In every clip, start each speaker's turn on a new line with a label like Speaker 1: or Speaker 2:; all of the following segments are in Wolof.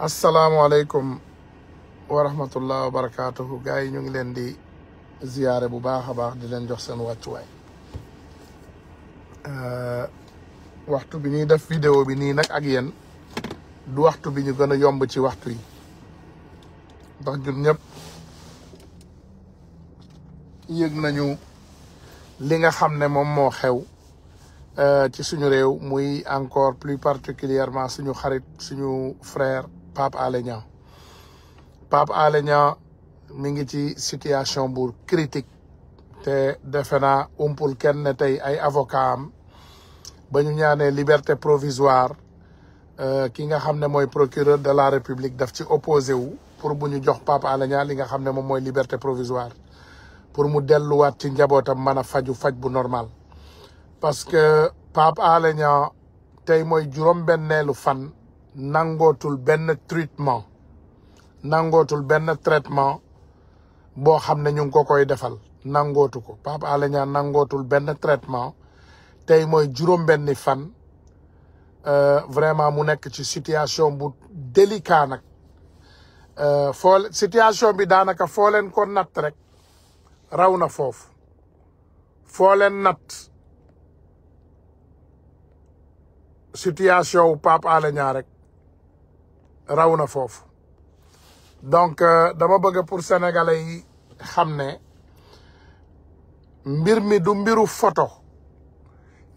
Speaker 1: asalaamualeykum wa rahmatullah wa barakaatuhu gaa yi ñu ngi leen di ziyaare bu baax a baax di leen jox seen wàccuwaay euh, waxtu bi ñuy def vidéo bi nii nag ak yéen du waxtu bi ñu gën a yomb ci waxtu yi ndax ñun ñëpp yëg nañu li nga xam ne moom moo xew euh, ci suñu réew muy encore plus particulièrement suñu xarit suñu frère pap Alé Niang Pape Alé mi ngi ci situation bu critique te defe naa umpul kenn tey ay avocat am ba ñu ñaanee liberté provisoire euh, ki nga xam ne mooy procureur de la république daf ci opposé wu pour bu ñu jox pap Alé Niang li nga xam ne moom mooy liberté provisoire pour mu delluwaat ci njabootam mën a faju faj bu normal parce que Pape Alé Niang tey mooy juróom-benneelu fan nangootul benn traitement nangootul benn traitement boo xam ne ñu ngi ko koy defal nangootu ko Pape Alé nangootul benn traitement tey mooy juróom-benni fan euh, vraiment mu nekk ci situation bu délicat nag euh, foo situation bi daanaka foo ko nat rek raw na foofu foo leen situation wu Pape Alé rek raw na foofu donc euh, dama bëgg pour sénégalais xam ne mbir mi du mbiru photo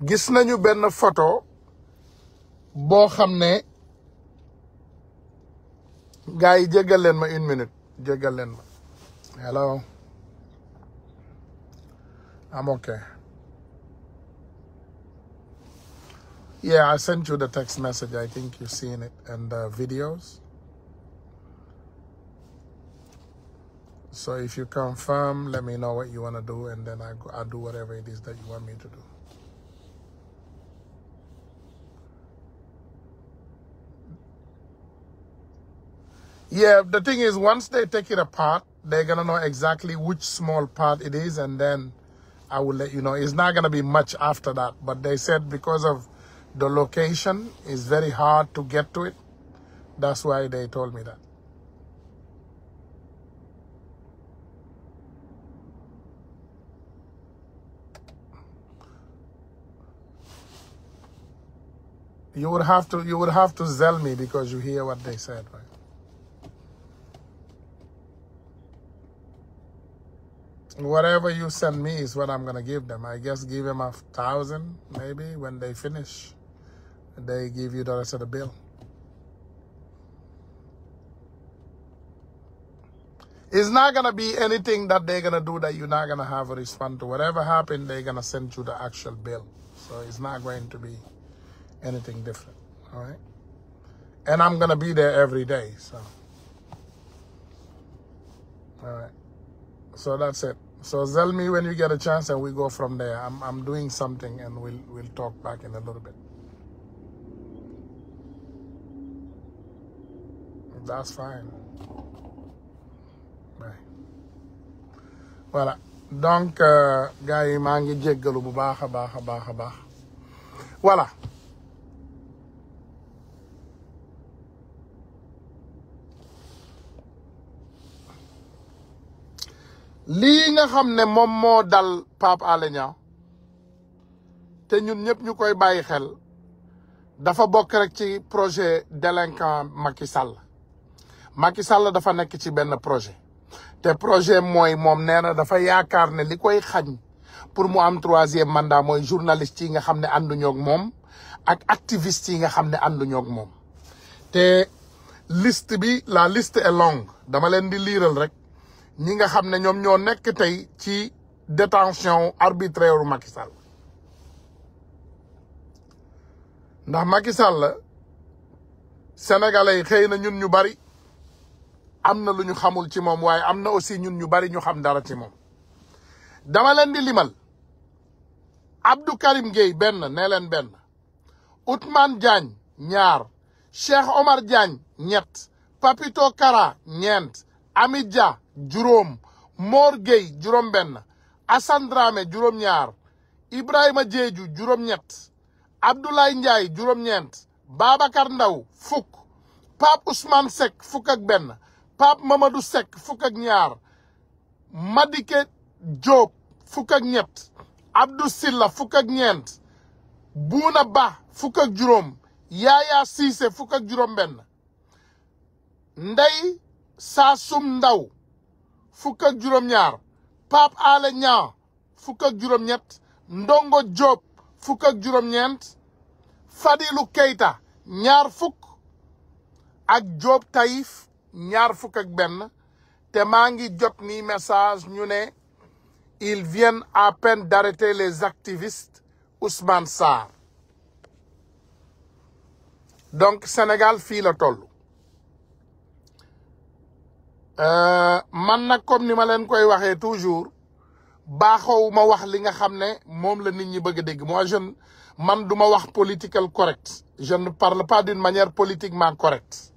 Speaker 1: gis nañu benn photo boo xam ne gars yi jéggal leen ma une minute jéggal ma hello I'm okay Yeah, I sent you the text message. I think you've seen it and the videos. So if you confirm, let me know what you want to do, and then I, I'll do whatever it is that you want me to do. Yeah, the thing is, once they take it apart, they're going to know exactly which small part it is, and then I will let you know. It's not going to be much after that, but they said because of the location is very hard to get to it. That's why they told me that. You would have to you would have to sell me because you hear what they said, right? Whatever you send me is what I'm gonna give them. I guess give them a thousand maybe when they finish. they give you the rest of the bill. It's not going to be anything that they're going to do that you're not going to have a response to. Whatever happened, they're going to send you the actual bill. So it's not going to be anything different. All right. And I'm going to be there every day. So. All right. So that's it. So tell me when you get a chance and we go from there. I'm, I'm doing something and we'll, we'll talk back in a little bit. that's voilà donc euh, gars yi maa ngi jéggalu bu baax a baax a baax a baax voilà lii nga xam ne moom moo dal Pape Alé te ñun ñëpp ñu koy bàyyi xel dafa bokk rek ci projet délinquant maki Sall Macky Sall dafa nekk ci benn projet te projet mooy moom nee na dafa yaakaar ne li koy xañ pour mu am troisième mandat mooy journaliste yi nga xam ne ànduñoo ak moom ak activiste yi nga xam ne ànduñoo ak moom te liste bi la liste est longue dama leen di liiral rek ñi nga xam ne ñoom ñoo nekk tey ci détention arbitraire u Macky ndax Macky Sall sénégalais yi xëy na ñun ñu bari am na lu ñu xamul ci moom waaye am na aussi ñun ñu bari ñu xam dara ci moom dama leen di limal Abdou Karim Gueye benn nee leen benn Ousmane Diagne ñaar Cheikh Omar Diagne ñett Papito Kara ñeent Amit Dia juróom Mor Gueye juróom benn Assane Dramé juróom ñaar Ibrahima Diédhiou juróom ñett Abdoulaye Ndiaye juróom ñeent Babacar Ndaw fukk Pape Ousmane Seck fukk benn Pape Mamadou Seck fukk ak ñaar Madike Diop fukk ak ñett Abdou Silla fukk ak ñeent Buuna Ba fukk ak juróom Yaya Cissé fukk ak juróom benn Ndey Saasum Ndaw fukk ak juróom ñaar Pape Alé Niang fukk ak juróom ñett Ndongo Diop fukk ak juróom ñeent Fadilou Keita ñaar fukk ak Diop Taïf ñaar fukk benn te maa ngi jot ni message ñu ne ils viennent à peine d'arrêter les activistes Ousmane Sarr donc Sénégal fii la toll euh, man nag comme ni ma leen koy waxee toujours baaxoowu ma wax li nga xam ne moom la nit ñi bëgg a dégg moi je man duma wax political correct je ne parle pas d'une manière politiquement correcte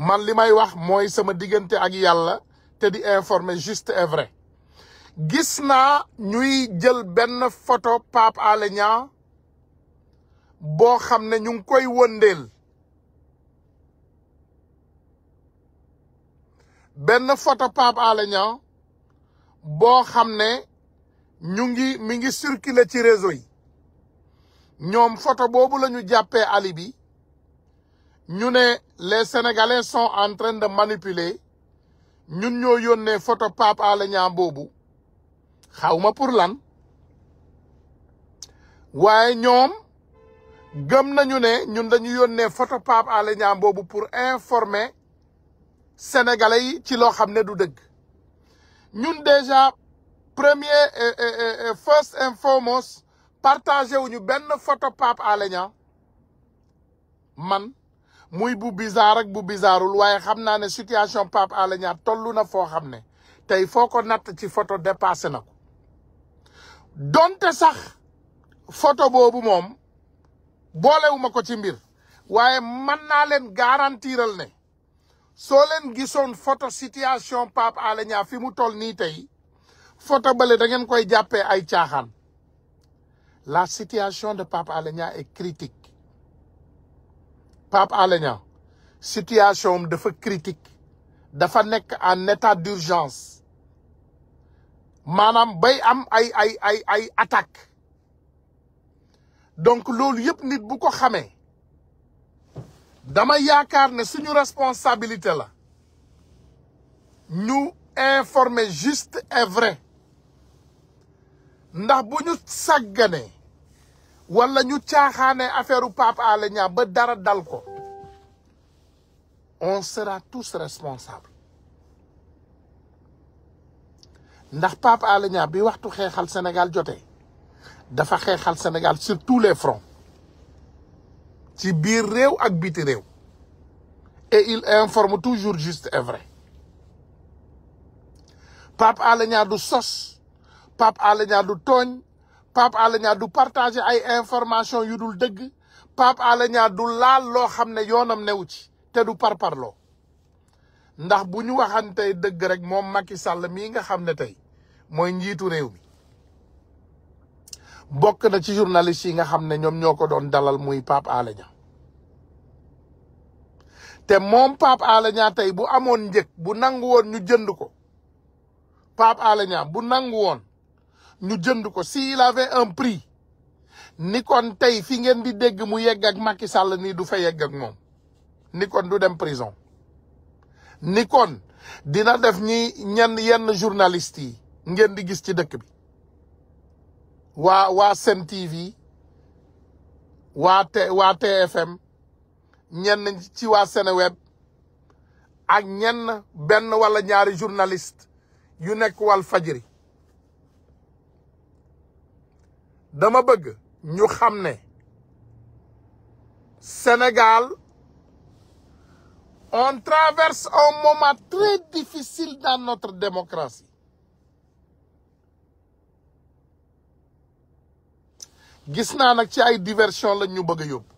Speaker 1: man li may wax mooy sama diggante ak yàlla te di informer juste et gis naa ñuy jël benn photo Pape Alé boo xam ne ñu ngi koy wëndeel benn photo Pape Alé boo xam ne ñu ngi mi ngi circuler ci réseau yi ñoom photo boobu lañu jàppee ali bi ñu ne les sénégalais sont en train de manipuler ñun ñoo yónnee photo Pape Alé Niang boobu xawma pour lan waaye ñoom gëm nañu ne ñun dañu yónnee photo Pape Alé Niang boobu pour informer sénégalais yi ci loo xam ne du dëgg ñun déjà premier et et first and foremost partagé wuñu benn photo Pape Alé Niang man. muy bu bizarre ak bu bizarreul waaye xam naa ne situation Pape Alé Niang tollu na foo xam ne tey foo ko natt ci photo dépassé na ko donte sax photo boobu moom boolewuma ko ci mbir waaye man naa leen garantiral ne soo leen gisoon photo situation Pape Alé Niang fi mu toll nii tey photo bale da ngeen koy jàppee ay caaxaan la situation de Pape Alé Niang critique Pape Alé Niang situation am dafa critique dafa nekk en état d'urgence maanaam bay am ay ay ay ay attaque donc loolu yëpp nit bu ko xamee damay yaakaar ne suñu responsabilité la ñu informer juste et vrai ndax bu ñu sàgganee wala ñu caaxaane affaire u Pape Alé Niang ba dara dal ko on sera tous responsables ndax Pape Alé Niang bi waxtu xeexal Sénégal jote dafa xeexal Sénégal surtout les fronts ci biir réew ak biti réew et il informe toujours juste et vrai Pape Alé Niang du sos Pape Alé Niang du tooñ Pape Alé du partager ay information yu dul dëgg Pape Alé du laal loo xam ne yoonam newu ci te du parparloo ndax bu ñu waxantee dëgg rek moom Macky Sall mii nga xam ne tey mooy njiitu réew mi bokk na ci journaliste yi nga xam ne ñoom ñoo ko doon dalal muy pap aleña te moom Pape Alé tey bu amoon njëg bu nangu woon ñu jënd ko Pape Alé bu nangu woon ñu jënd ko si s'il avait un prix ni kon tey fi ngeen di dégg mu yegg ak Macky Sall nii du fa yegg ak moom ni kon du dem prison ni kon dina def ñi ñenn yenn journalistes yi ngeen di gis ci dëkk bi waa waa Sen TV waa T waa TFM ñenn ci waa Seneweb ak ñenn benn wala ñaari journaliste yu nekk wal Walfadjri dama bëgg ñu xam ne Sénégal on traverse un moment très difficile dans notre démocratie gis naa nag ci ay diversion lañ ñu bëgg a yóbbu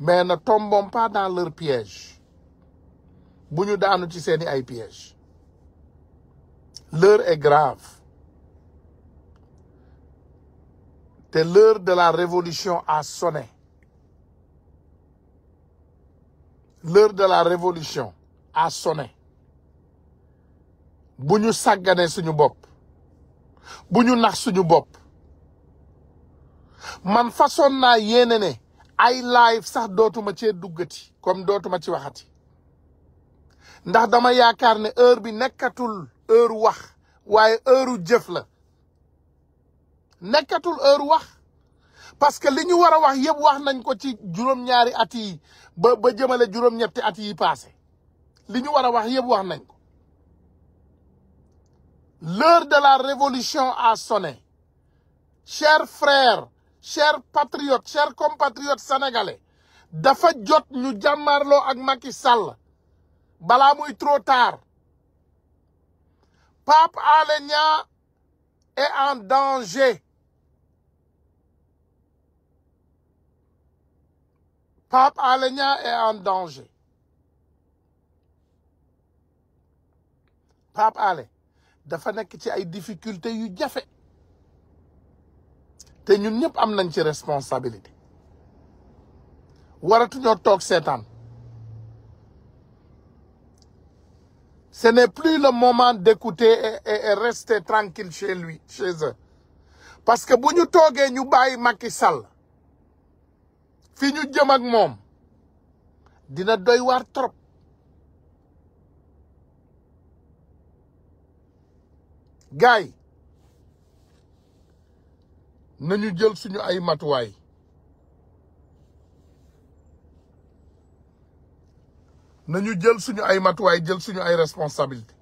Speaker 1: mais na tombons pas dans leur piège bu ñu daanu ci seeni ay piège l'heure est grave te leur de la révolution a sonné l'heure de la révolution a sonné bu ñu sàgganee suñu bopp bu ñu nax suñu bopp man façon naa yéene ne ay live sax dootuma cee duggati comme dootuma ci waxati ndax dama yaakaar ne heure bi nekkatul heure wax waaye heure jëf la nekkatul heure wax parce que li ñu war a wax yëpp wax nañ ko ci juróom-ñaari at yi ba ba juróom-ñetti at yi passé li ñu war a wax yëpp wax nañ ko leur de la révolution a sonné cher frères cher patriotes chers compatriotes sénégalais dafa jot ñu jàmmarloo ak Macky Sall balaa muy trop tard Pape Alé Niang est en danger Pape Alenia est en danger. Pape dafa nekk ci ay difficultés yu jafe te ñun ñëpp am nañ ci responsabilité waratuñoo toog seetaan ce n'est plus le moment d'écouter et, et, et rester tranquille chez lui chez eux parce que bu ñu toogee ñu bàyyi Macky Sall fi ñu jëm ak moom dina doy waar trop gaay nañu jël suñu ay matuwaay nañu jël suñu ay matuwaay jël suñu ay responsabilité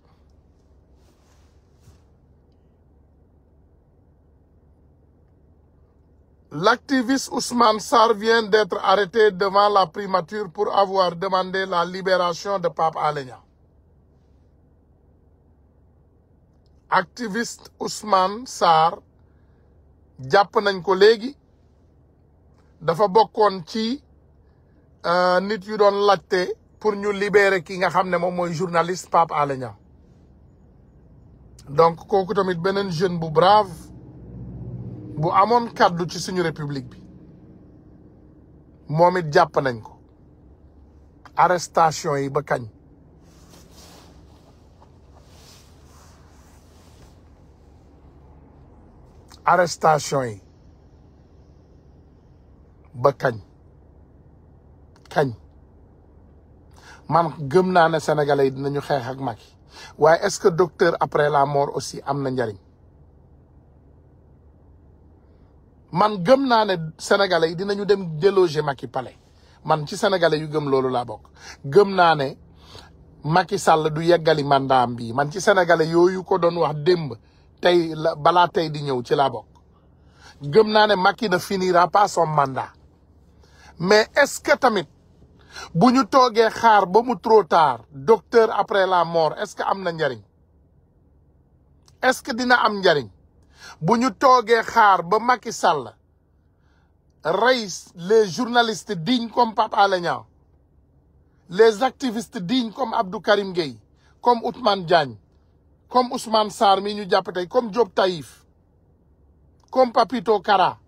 Speaker 1: L'activiste Ousmane Sarr vient d'être arrêté devant la primature pour avoir demandé la libération de Pape Alé Niang. Activiste Ousmane Sarr jàpp nañ ko léegi dafa bokkoon ci euh, nit yu doon laajte pour ñu libérer ki nga xam ne moom mooy journaliste Pape Alé Niang donc kooku tamit beneen jeune bu brave bu amoon kàddu ci suñu république bi moom it jàpp nañ ko arrestation yi ba kañ arrestation yi ba kañ kañ man gëm naa ne sénégalais yi dinañu xeex ak Macky waaye est-ce que docteur après la mort aussi am na njariñ man gëm naa ne sénégalais yi dinañu dem déloger Macky pale man ci sénégalais yu gëm loolu laa bokk gëm naa ne Macky Sall du yeggali mandaam bi man ci sénégalais yooyu ko doon wax démb tey la balaa tey di ñëw ci laa bokk gëm naa ne Macky ne finira pas son mandat mais est-ce que tamit bu ñu toogee xaar ba mu trop tard docteur après la mort est-ce que am na njariñ est-ce que dina am njariñ bu ñu toogee xaar ba Macky Sall rey les journalistes dignes comme Pape les activistes dignes comme Abdou Karim Gueye comme Ousmane Diagne comme Ousmane Sarr mi ñu jàpp comme job Taïf comme Papito Kara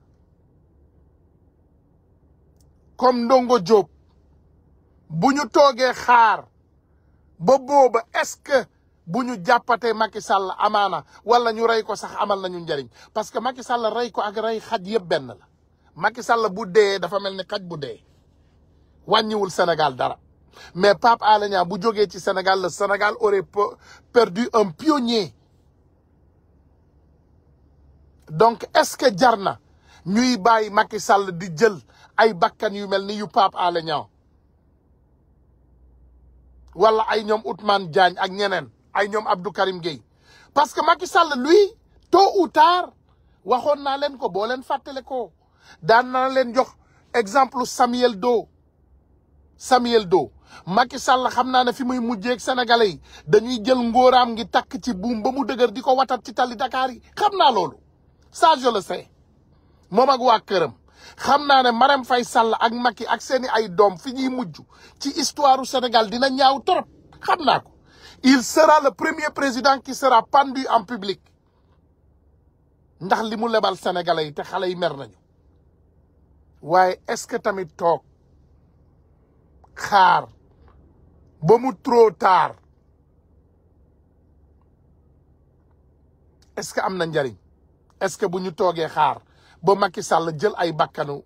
Speaker 1: comme Ndongo Diop bu ñu toogee xaar ba booba est-ce que bu ñu jàppatee Macky Sall amaana wala ñu rey ko sax amal nañu njariñ parce que Macky Sall rey ko ak xaj yëpp benn la Macky Sall bu dee dafa mel ni xaj bu dee wàññiwul Sénégal dara mais Pape Alé bu jógee ci Sénégal le Sénégal aurait perdu un pionnier donc est-ce que jar na ñuy bàyyi Macky Sall di jël ay bakkan yu mel ni yu Pape Alé Niang wala ay ñoom Ousmane Diagne ak ñeneen ay ñoom Abdou Karim Gueye parce que maki Sall lui tôt ou tard waxoon naa leen ko boo leen fàttale ko daan naa leen jox exemple Samuel do Samuel do maki Sall xam naa ne fi muy mujjee ak yi dañuy jël ngóoraam ngi takk ci buum ba mu dëgër di ko watat ci tali Dakar yi xam naa loolu ça je le sais moom ak waa këram xam naa ne Marème Faye Sall ak Macky ak seeni ay doom fi ñuy mujj ci histoire Sénégal dina ñaaw trop xam naa ko il sera le premier président ki sera pendu en public ndax li mu lebal sénégalais yi te xale yi mer nañu waaye est-ce que tamit toog xaar ba mu trop tard est-ce que am na njariñ est-ce que bu ñu toogee xaar ba Macky Sall jël ay bakkanu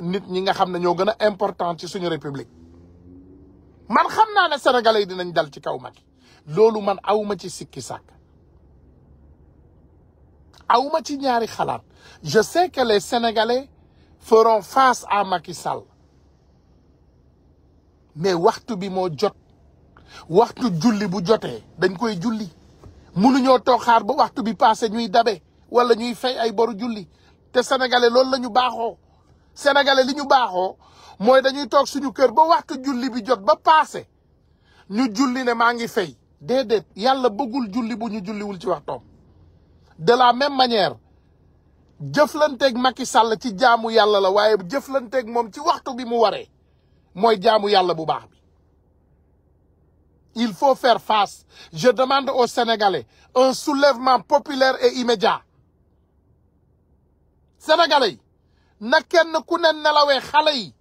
Speaker 1: nit ñi nga xam ne ñoo gën a important ci suñu république man xam naa ne sénégalais yi dinañ dal ci kaw Macky loolu man awma ci sikki sàkk awma ci ñaari xalaat je sais que les sénégalais face à Macky Sall mais waxtu bi moo jot waxtu julli bu jotee dañ koy julli mënuñoo toog xaar ba waxtu bi passé ñuy dabe wala ñuy fay ay boru julli te sénégalais loolu lañu baaxoo sénégalais li ñu baaxoo mooy dañuy toog suñu kër ba waxtu julli bi jot ba paase ñu julli ne maa ngi fay déedéet yàlla bëggul julli bu ñu julliwul ci waxtoom de la même manière jëflanteeg Macky Sall ci jaamu yàlla la waaye jëflanteeg moom ci waxtu bi mu waree mooy jaamu yàlla bu baax bi il faut fair face je demande aux Sénégalais un soulèvement populaire et immédiat Sénégalais yi na kenn ku ne nelawee xale yi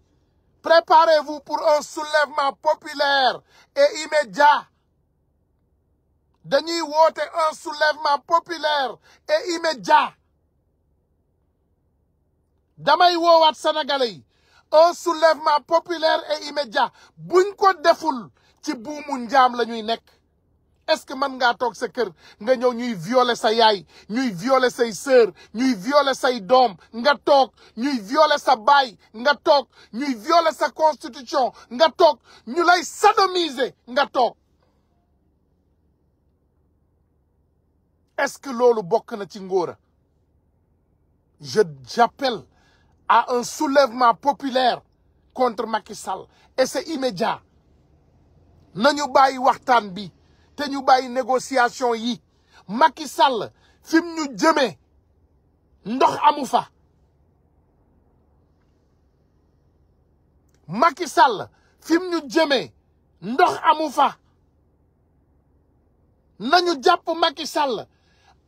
Speaker 1: préparez-vous pour un soulèvement populaire et immédiat dañuy woote un soulèvement populaire et immédiat damay woowaat sénégalais yi un soulèvement populaire et immédiat buñ ko deful ci buumu njaam la ñuy nekk est-ce que mën ngaa toog sa kër nga ñëw ñuy violer sa yaay ñuy violer say sœur ñuy violer say doom nga toog ñuy violer sa baay nga toog ñuy violer sa constitution nga toog ñu lay sodomiser nga toog est-ce que loolu bokk na ci ngóor je j'appelle à un soulèvement populaire contre Macky Sall et c'est immédiat nañu bàyyi waxtaan bi te ñu bàyyi négociation yi Macky Sall ñu jëmee ndox amu fa Macky Sall fi ñu jëme ndox amu fa nañu jàpp Macky Sall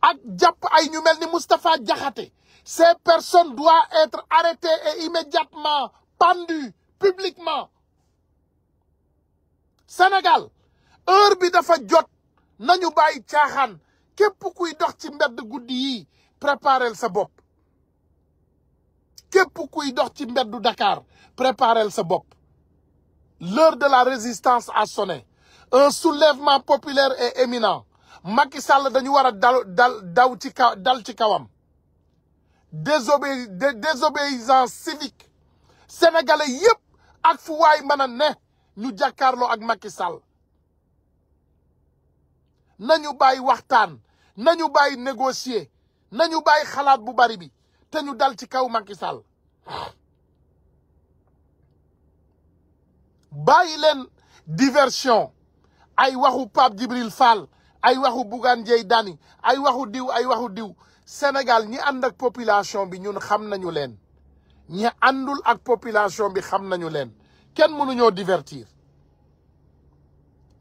Speaker 1: ak jàpp ay ñu mel ni Moustapha Diakhaté ces personnes doivent être arrêtées et immédiatement pendues publiquement Sénégal heure bi dafa jot nañu bàyyi caaxaan képp kuy dox ci mbedd guddi yi préparel sa bopp képp kuy dox ci mbeddu Dakar préparel sa bopp leur de la résistance à sonné un soulèvement populaire est éminent Macky Sall dañu war a dal dal ci kaw dal ci kawam désobé désobéissance civique sénégalais ak fu waay mën a ne ñu jàkkaarloo ak Macky Sall nañu bàyyi waxtaan nañu bàyyi négocier nañu bàyyi xalaat bu bari bi te ñu dal ci kaw Macky Sall bàyyi leen diversion ay waxu Pape Djibril Fall ay waxu Bougane Gueye Dany ay waxu diw ay waxu diw Sénégal ñi ànd ak population bi ñun xam nañu leen ñi àndul ak population bi xam nañu leen kenn mënuñoo divertir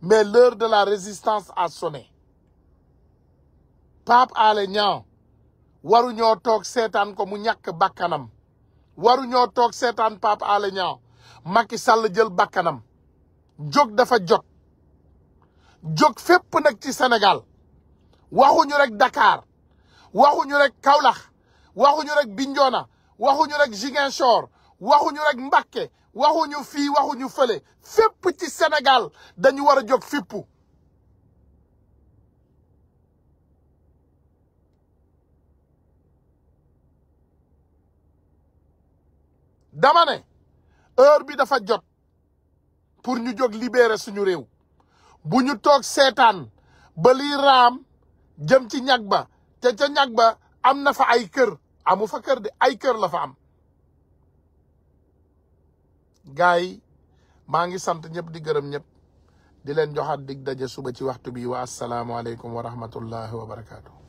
Speaker 1: mais leur de la résistance à sonné Pape Alé Niang waruñoo toog seetaan ko mu ñàkk bakkanam waruñoo toog seetaan Pape Alé Niang Macky Sall jël bakkanam jóg dafa jot jog fépp nag ci Sénégal waxuñu rek Dakar waxuñu rek Kaolack waxuñu rek Bignona waxuñu rek Ziguinchor waxuñu rek Mbacké waxuñu fii waxuñu fële fépp ci Sénégal dañu war a jóg fippu dama ne heure bi dafa jot pour ñu jóg libérer suñu réew bu ñu toog seetaan ba lii jëm ci ñag ba te ca ñag ba am na fa ay kër amu fa kër de ay kër la fa am gars maa ngi sant ñëpp di gërëm ñëpp di leen joxaat dig daje suba ci waxtu bi wa asalaamualeykum wa rahmatullahi wa barakaatu.